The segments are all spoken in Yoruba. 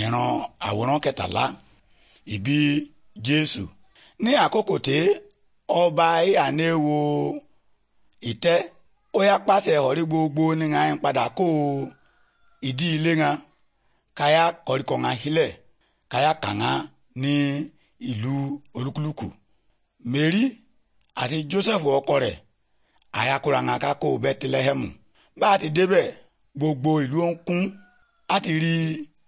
ìran àwòrán kẹtàlá ìbí jésù ní àkókò tí ọba ìhànẹ́ wo ìtẹ́ ó yá pàṣẹ ọ̀rí gbogbo nìkan ń padà kó ìdí ilé ńan kaya kọ̀ríkọ̀ ńan hilẹ̀ kaya kàńá ní ìlú olúkúlùkù mary àti joseph ọkọ rẹ̀ àyàkúra ńan ká kó bẹ́tìlẹ́hẹ́mù bá a ti débẹ̀ gbogbo ìlú ń kún a ti rí i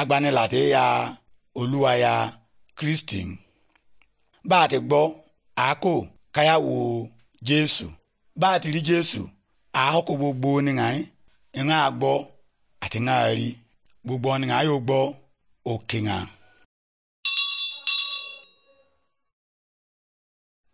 agbanilàtẹ́ ya olúwa ya kristi bá a ti gbọ́ àákò káyàwó jésù bá a ti rí jésù àákò gbogbo nìyàn ìhàn àgbọ́ àti ìhàn rí gbogbo nìyàn yóò gbọ́ òkè hàn.